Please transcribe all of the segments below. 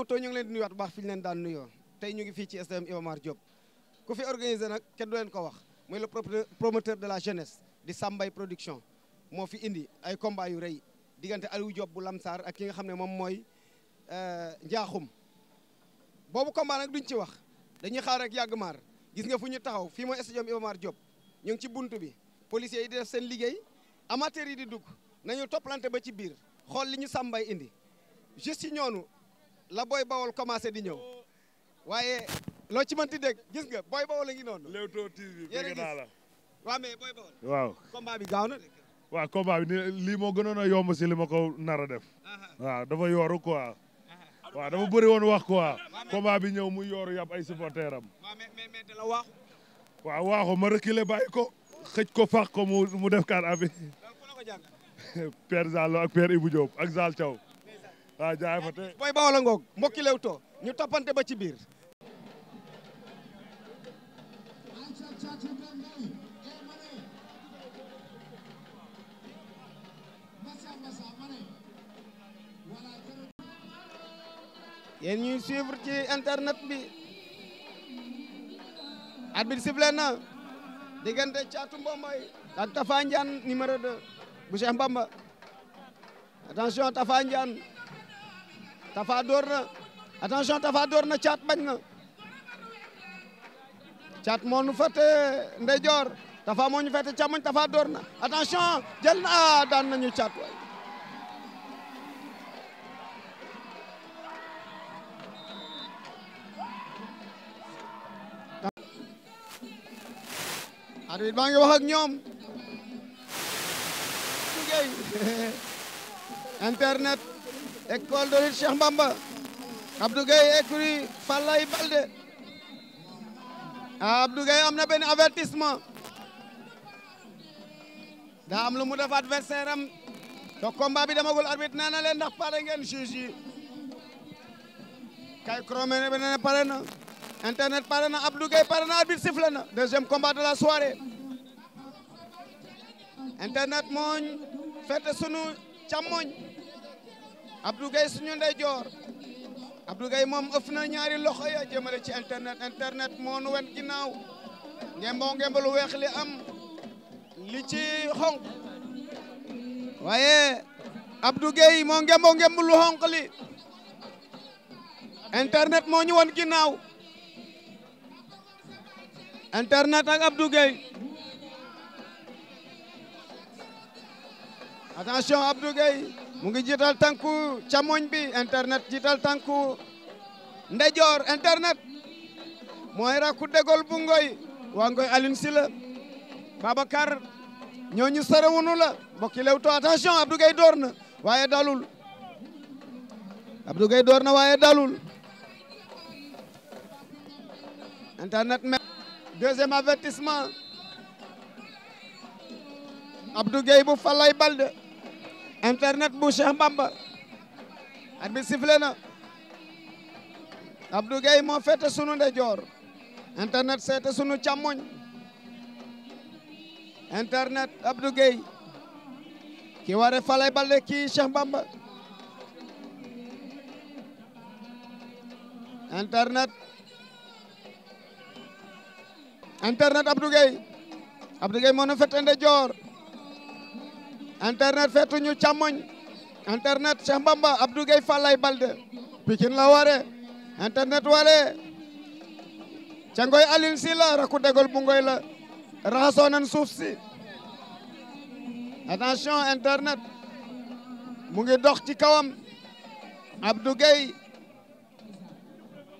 Leewtoo ñu ngi leen tey ñu ngi fii ci SDM Iba Mar Diop ku fi organisé nag kenn du leen ko wax mooy le promoteur de la jeunesse di Sambay production moo fi indi ay combat yu rëy diggante Aliou Diop bu Lamsar ak ki nga xam ne moom mooy euh, Njaaxum boobu combat nag duñ ci wax dañuy xaar rek yàgg maar gis nga fu ñu taxaw fii mooy stadium Iba Mar Diop ñu ngi ci bunt bi policiers yi di def seen liggéey amateurs yi di dugg nañu toppalante ba ci biir xool li ñu sàmbay indi juste la booy bawol commencé di ñëw waaye loo ci man mënti dégg gis nga booy bawol a ngi noonu. Leewtoo TV naa la waaw mais booy bawol. waaw combat bi lii moo gënoon a yomb si li ma ko nar a def. Uh-huh. waaw dafa ko quoi. Uh-huh. waaw dafa bëri woon wax ko combat bi ñëw mu yooru yàpp ay supporters am. waaw mais mais de la waaxu. ma reculer bàyyi ko xëj ko fax ko mu mu def kaat abi. Père Zalo ak Père Ibou Diop ak Zal Thiaw. waaw ah, jaay booy bawal a ngoog mbokki ñu toppante ba ci biir yéen suivre ci internet bi arbitre sifflé na diggante Thiatou Mbomboy ak Tafa Ndiane numéro 2 bu Cheikh Mbamba attention Tafa Tafa door na attention Tafa door na caat bañ na caat moo nu fete ndeyjoor Tafa moo ñu fete càmmoñ Tafa door na attention ah, daan nañu caat waay arbitre baa ngi ñoom internet école de lutte Cheikh Mbamba Abdou Gueye écurie Balde Abdou am na benn avertissement daa am lu mu def adversaire am to combat bi demagul arbitre nee leen ndax pare ngeen juge yi kay kromene beneen pare na internet pare na Abdou Gueye pare na arbitre sifflé na deuxième combat de la soirée internet mooñ fete sunu càmmoñ Abdou Gueye suñu ndeyjoor Abdou Gueye moom ëf na ñaari loxo ya jëmale ci internet internet moo nu wen ginnaaw ngemboo ngembalu weex li am li ci xonq waaye Abdou Gueye moo ngemboo ngembalu xonq li internet moo ñu won ginnaaw internet ak Abdou attention Abdou Gueye mu ngi jiital tànku càmmoñ bi internet jiital tànku ndeyjoor internet mooy rakku dégol bu ngoy waa ngoy Alioune Sylla Babacar ñooñu sarewunu la mbokki Leewtoo attention Abdou Gueye door na waaye dalul Abdou Gueye door na waaye dalul internet me deuxième avertissement Abdou Gueye bu Falaye Baldé internet bu Cheikh Bamba at bi sifle na Abdou Gueye moo fete sunu ndeyjoor internet seete sunu càmmoñ internet Abdou Gueye ki ware Falaye Baldé Bamba internet internet Abdou Gueye Abdou Gueye moo na fete ndeyjoor internet fetu ñu càmmoñ internet Cheikh Bamba Abdou Gueye Fallay Balde Pikine la ware internet ware cangoy Aline Si la raku degol bu ngoy la raxasoo suuf si attention internet mu ngi dox ci kawam Abdou Gueye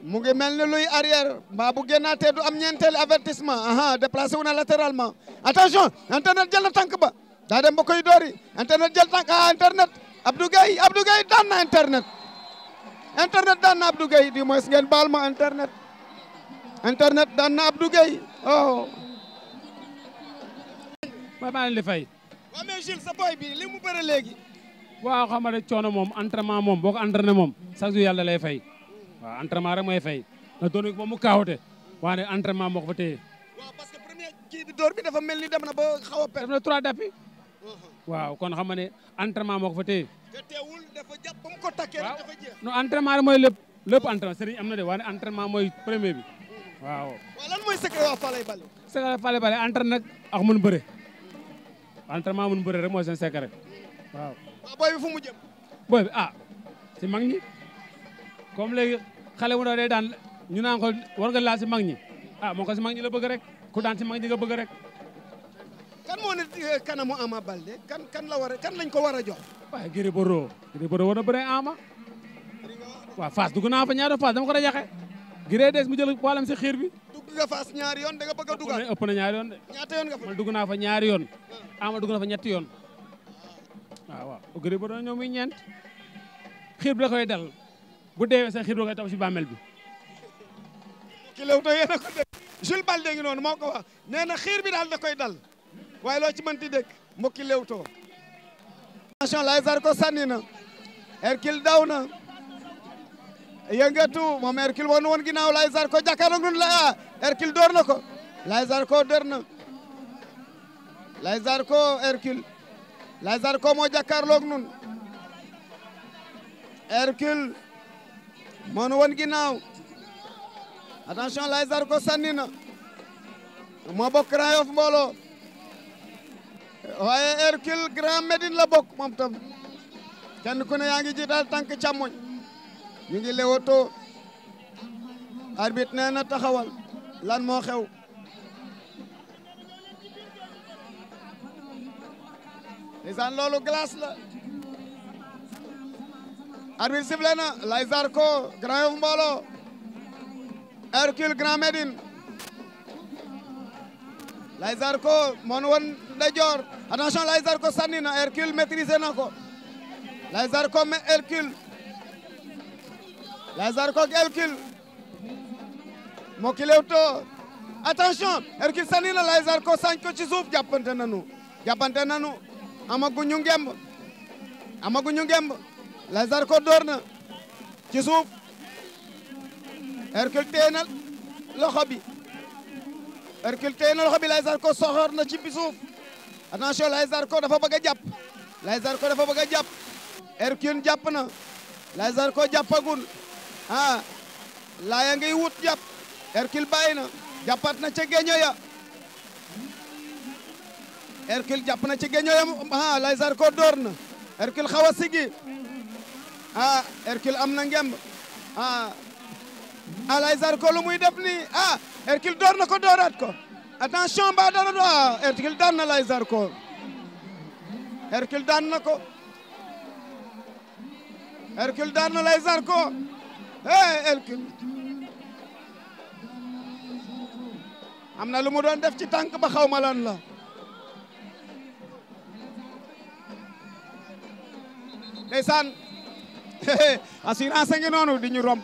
mu ngi mel ni luy arrière mbaa bu génnaatee du am ñeenteel avertissement aha déplacé wu na latéralement attention internet jël na tànk ba daa dem yi koy doori internet jël tànk ah internet Abdou Gueye Abdou Gueye daan na internet internet daan na Abdou Gueye di moins ngeen baal ma internet internet daan na Abdou Gueye oh. waaw maa ngi sa boy bi li mu bëre léegi. waaw xam nga coono moom entraînement moom boo ko entraîné moom chaque jour yàlla lay fay waaw maa rek mooy fay ndax doon moom mu kaawute waaye nag entraînement moo ko fa téye. waaw door bi dafa mel ni dem na ba xaw a. waaw kon xam nga ne entraînement moo ko fa téye. te teewul dafa jàpp ba rek mooy lépp lépp entraînement sëriñ am na de waaye entraînement mooy premier bi waaw. waaw lan mooy secret waa Falaye Baldé. mun bëre rek mooy seen secret waaw. booy bi fu mu jëm. booy bi ah si mag ñi comme léegi xale mu ndaw daan ñu naan ko war nga laal si mag ñi ah moo ko si mag ñi la bëgg rek ku daan si mag ñi nga bëgg rek. kan moo ne eh, kanamu Ama Balde kan kan la war a kan lañ ko war a jox. waaye Gris Bordeaux Gris Bordeaux war na bëre Ama. waaw Fass dugg naa fa ñaari Fass dama ko da jaxe. Gris des mu jël wàllam si xiir bi. dugg nga Fass ñaari yoon da bëgg a dugal ëpp na ñaari yoon de. naa fa ñaari yoon. Ah. Ama dugg ñetti yoon. waaw waaw Gris Bordeaux ñoom muy ñeent. xiir bi la koy dal bu deewee sa xiir la koy topp si bàmmeel bi. ki a Balde ngi noonu moo ko wax nee xiir bi daal da koy dal. waaye loo ci mënti dégg mbokki Leewtoo attention Laye Zarko sànni na Hercule daw na yëngatu moom Hercule woon woon ginnaaw Laye Zarko jàkkaarloo ngun la ah, Hercule door na ko Laye Zarko door na Laye Zarko Hercule Laye Zarko moo jàkkaarloog nun Hercule moonu woon ginnaaw attention Laye Zarko sànni na moo bokk Grand Yoff waaye Hercule Grand Médine la bokk moom tam kenn ku ne yaa ngi jiital tànk càmmoñ ñu ngi lewoto arbitre nee na taxawal lan moo xew ndeysaan loolu glace la arbitre sifflé na Laye Zarko Grand Yoff Mbolo Hercule Grand Médine Laye ko moon won ndeyjoor attention Laye Zarko sànni na Hercule maîtrisé na ko Laye Zarko mais Hercule Laye Zarko ak Hercule moo ki lewtoo attention Hercule sànni na Laye Zarko sañ ko ci suuf jàppante nanu jàppante nanu amaguñu ngemb amaguñu ngemb Laye Zarko door na ci suuf Hercule téye na Hercule tey na loxo bi Laye Zarko soxor na ci bi suuf attention Laye dafa bëgg a jàpp Laye Zarko dafa bëgg a jàpp Hercule jàpp na Laye Zarko jàppagul ah laaya ngay wut jàpp Hercule bàyyi na jàppaat na ca géeño ya Hercule jàpp na ca géeño ya ah Laye Zarko door na Hercule xaw sigi ah Hercule am na ngemb ah, Alaye Zarko lu muy def nii ah Hercule door na ko dooraat ko attention ba dara du ah Hercule daan na Alaye ko Hercule daan na Alaye Zarko hey Hercule am na lu mu doon def ci tànk ba xaw ma lan la ndeysaan assurance ngi noonu di ñu romb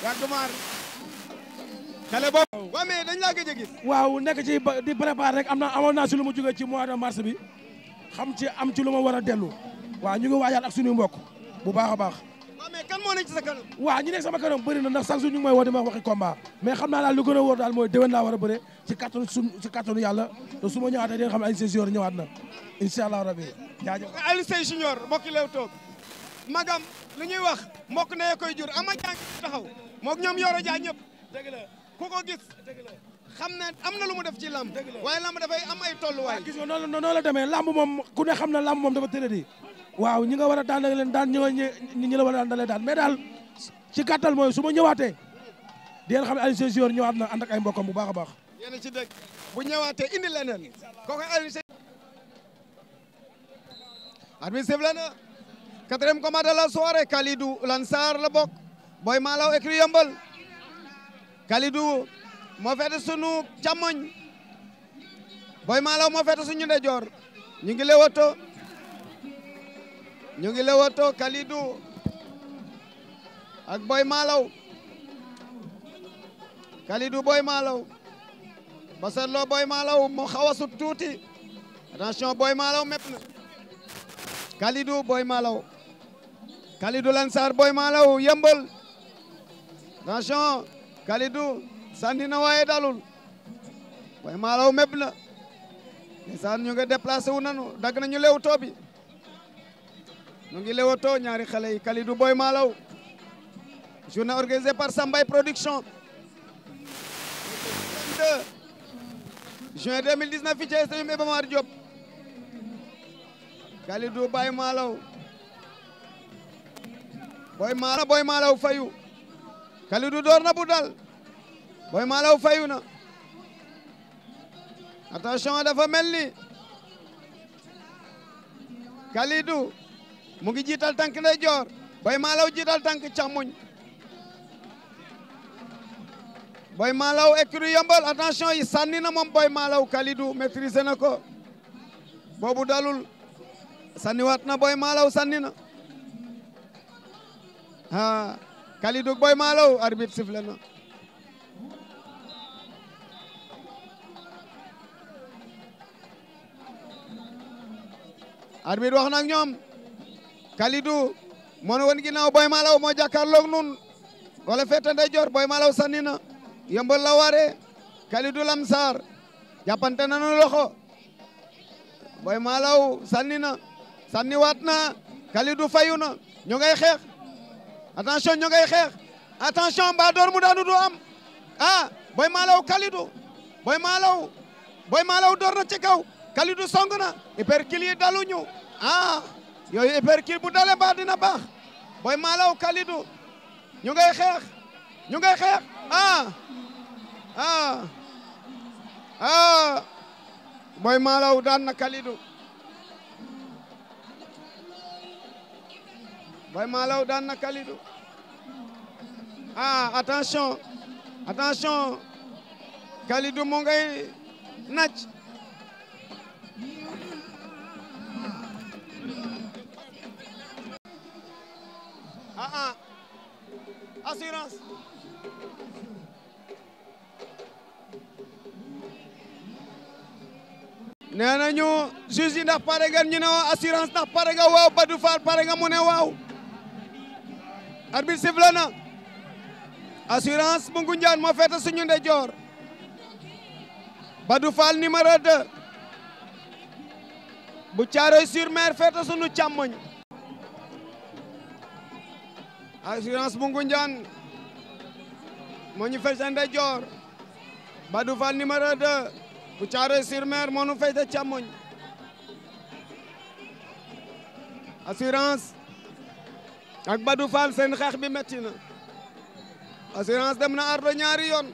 Wagdumaar xale boobu. waaw mais dañ laa gëj gi gis. waaw nekk ci di préparé rek am na amoon naa si lu mu jógee ci mois de mars bi xam ci am ci lu ma war a dellu. waa ñu ngi waajaat ak suñu mbokk bu baax a baax. waaw mais kan moo nekk ci sa kanam. waaw ñu nekk sama kanam bëri na na chaque jour ñu ngi may di ma waxi combat mais xam naa daal lu gën a wóor daal mooy déwén laa war a bëre ci kattanu suñ ci kattanu yàlla te su ma ñëwaatee di xam ne Alioune Sèye Junior ñëwaat na incha allah rabi jaajëf. Alioune Sèye Junior mbokki Leewtoo magam lu ñuy wax mbokk nee koy jur ama jàng taxaw moog ñoom Yoro Dia ñëpp dëgg la ku ko gis la xam ne am na lu mu def ci lamb waaye lamb dafay am ay tolluwaay gis nga noonu noonu la demee lamb moom ku ne xam na lamb moom dafa tëradi waaw ñi nga war a daan da leen daan ñi ñi la war a daan da leen daan mais daal ci gàttal mooy su ma ñëwaatee di ngeen xam ne Alioune Sèye Junior ñëwaat na ànd ak ay mbokkam bu baax a baax yéen a ci dëgg bu ñëwaatee indi leneen kooku Alioune Sèye arbitre sifle na quatrième combat de la soirée Kalidou Lansar la bokk booy maalaw écrit yombal Kalidou moo feete sunu càmmoñ booy maalaw moo feete suñu ndeyjoor ñu ngi lewoto ñu ngi lewoto Kalidou ak booy maalaw Kalidou booy maalaw ba seetloo booy maalaw mu xaw tuuti attention booy maalaw mépp na Kalidou maalaw Kalidou Lansar booy maalaw yëmbal attention Kalidou sànni na waaye dalul waaye maalaw méb na ndeysaan ñu ngi déplacé wu nanu dagg nañu leewtoo bi ñu ngi leewtoo ñaari xale yi Kalidou Boy Malaw journée organisée par Sambay Production juin 2019 fii ci stade Iba Mar Diop Kalidou Boy Malaw Boy Malaw Boy fayu Kalidou door na bu dal Boy Malaw fayu na attention dafa mel ni Kalidou mu ngi jiital tànk ndeyjoor Boy Malaw jiital tànk càmmoñ Boy Malaw écurie Yeumbeul attention yi sànni na moom Boy Malaw Kalidou maîtrisé na ko boobu dalul sànniwaat na Boy Malaw sànni na Kalidou Boy Malaw arbitre sifflé na wax nak ñoom Kalidou moo nu woon ginnaaw Boy Malaw moo jàkkaarloog nun wala fete ndeyjoor Boy Malaw sànni na yëmbal la waare Kalidou Lamsar jàppante nañu loxo Boy Malaw sànni na sànni waat na Kalidou fayu na xeex attention ñu ngay xeex attention mbaa door mu daanu du am ah boy maalaw kalidu boy maalaw boy maalaw door na ci kaw kalidu song na hypercule yi daluñu ah yooyu hypercule bu dale mbaa dina baax boy maalaw kalidu ñu ngay xeex ñu ngay xeex ah ah, ah. boy maalaw daan na kalidu Boy Malaw daan na Kalidou ah attention attention Kalidou mu ngay naaj ah, ah. assurance nee nañu juge yi ndax pare nga ñu ne assurance ndax pare nga waaw Badou Fall pare nga mu ne waaw arbitre sifflé assurance bu Ngunjaan moo féete suñu ndeyjoor Badou ni numéro 2 bu Thiaroye sur Mer féete suñu càmmoñ assurance bu Ngunjaan moo ñu féete suñu ndeyjoor Badou Fall numéro 2 bu Thiaroye moo ñu féete càmmoñ assurance ak Badou Fall seen xeex bi metti na assurance dem na ardo ñaari yoon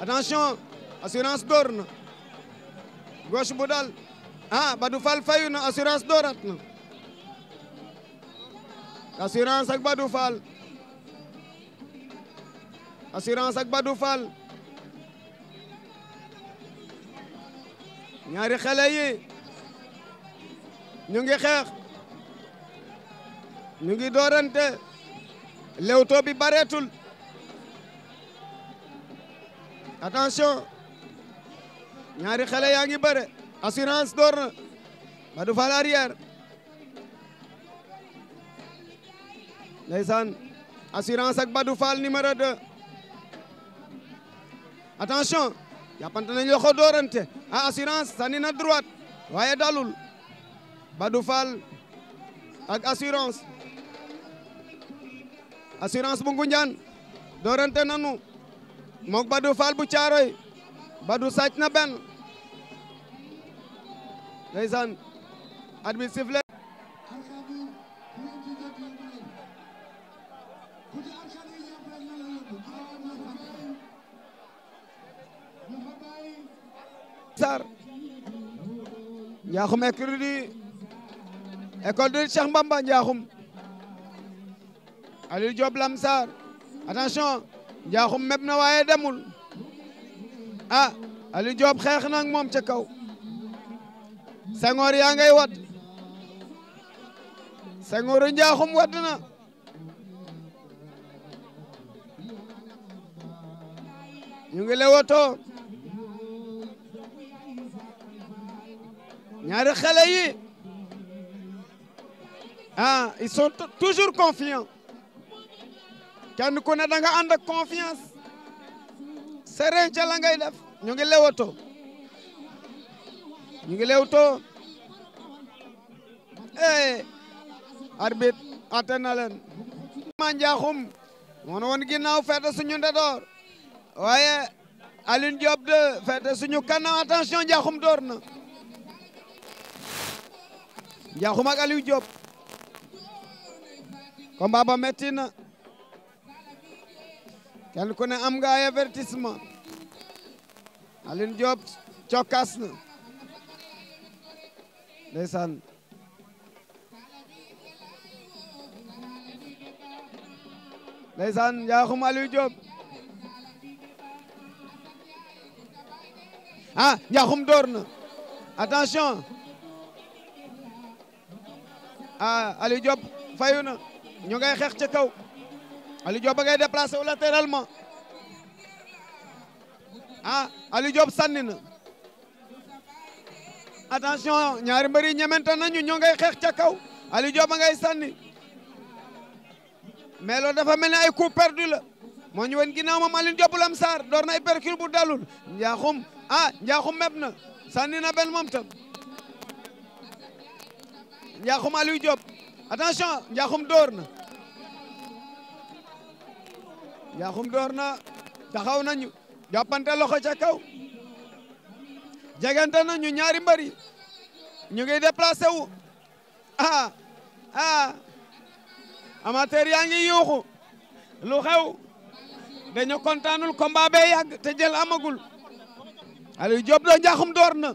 attention assurance door na gauche bu dal ah Badou Fall na assurance doorat na assurance ak Badou assurance ak Badou Fall ñaari xale yi ñu ngi xeex ñu ngi doorante lewto bi bareetul attention ñaari xale yaa ngi bëre assurance door na Badou Fall assurance ak Badou Fall numéro 2 attention jàppante nañ loxo doorante a ah, assurance sànni na droite waaye dalul Badou ak assurance assurance bu Ngunjaan doorante nanu mook Badou Fall bu Caaroy Badou sàcc na benn ndeysaan at bi sifle Sar Njaaxum école di école de Cheikh Mbamba Njaaxum Aliou Diop Lamsar attention njaaxum meb waaye demul ah Aliou Diop xeex na moom ca kaw Senghor yaa ngay wadd Senghor njaaxum wadd na ñu ngi lewatoo ñaari xale yi ah ils sont toujours confiants kenn ku ne da nga ànd ak confiance serein ca ngay def ñu ngi lewato ñu ngi lewato eh arbitre atte na leen ma njaaxum moon woon ginnaaw feete suñu ndedoor waaye Aline Diop de feete suñu kanam attention njaaxum door na njaaxum ak Aliou Diop combat ba kenn ku ne am nga ay avertissement Alioune Diop cokkaas na ndeysaan ndeysaan njaaxum Aliou Diop ah njaaxum door na attention ah Aliou Diop fayu na ñu ngay xeex ca kaw Aliou Diop ba ngay déplacé a latéralement ah Aliou sànni na attention ñaari mbër yi ñemente nañu ñoo ngay xeex ca kaw Aliou Diop ba ngay sànni mais loolu dafa mel ni ay coup perdu la moo ñu wen ginnaaw moom Aliou Diop lam saar door na ay percure bu dalul njaaxum a ah, njaaxum meb na sànni na benn moom tam njaaxum Aliou Diop attention njaaxum door na Yakhum door na taxaw nañu jàppante loxo ca kaw jegante nañu ñaari mbër ñu ngi déplacé wu ah ah yaa ngi yuuxu lu xew dañu kontaanul combat bee yàgg te jël amagul Aliou Diop do Ndiakhoum door na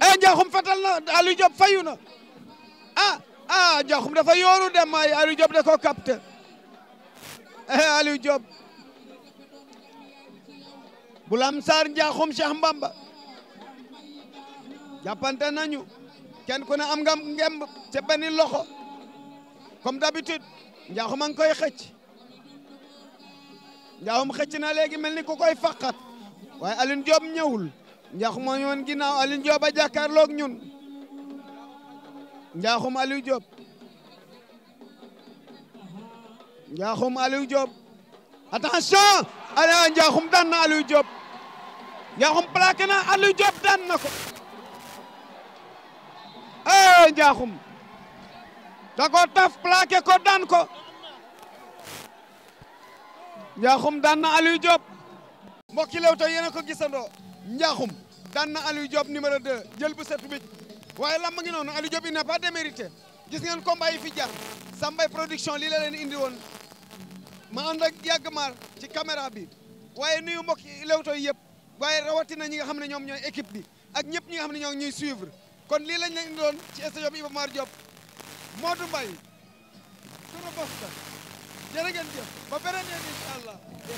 eh Ndiakhoum fatal na Aliou Diop fayu na ah ah Ndiakhoum dafa yooru dem ay Aliou Diop da ko capté Eh, Aliou Diop bu saar njaaxum Cheikh Mbamba jàppante nañu kenn ku ne am nga ngemb ca loxo comme d'habitude njaaxum a ngi koy xëcc njaaxum xëcc na léegi mel ni ku koy faqat waaye Aliou Diop ñëwul njaaxum moo ñu woon ginnaaw Aliou Diop a ñun njaaxum Aliou Diop Ndiakhoum Aliou Diop attention ala Ndiakhoum daan na Aliou Diop Ndiakhoum plaqué na Aliou Diop daan na ko eh Ndiakhoum da ko taf plaqué ko daan ko Ndiakhoum daan na Aliou Diop mbokki Leewtoo yéen a ko gisandoo Ndiakhoum daan na Aliou Diop numéro 2 jël bu set bi waaye lamb ngi noonu Aliou Diop il n'a pas démérité gis ngeen combat yi fi jar Sambay production lii la indi woon ma ànd ak yàgg maar ci caméra bi waaye nuyu mbokk Leewtoo yëpp waaye rawatina ñi nga xam ne ñoom ñooy équipe bi ak ñëpp ñi nga xam ne ñoo ñuy suivre kon lii lañ leen doon ci stade bi Iba Mar Diop Modou Mbaye Touré Bosta jërë ngeen ba beneen yoon incha allah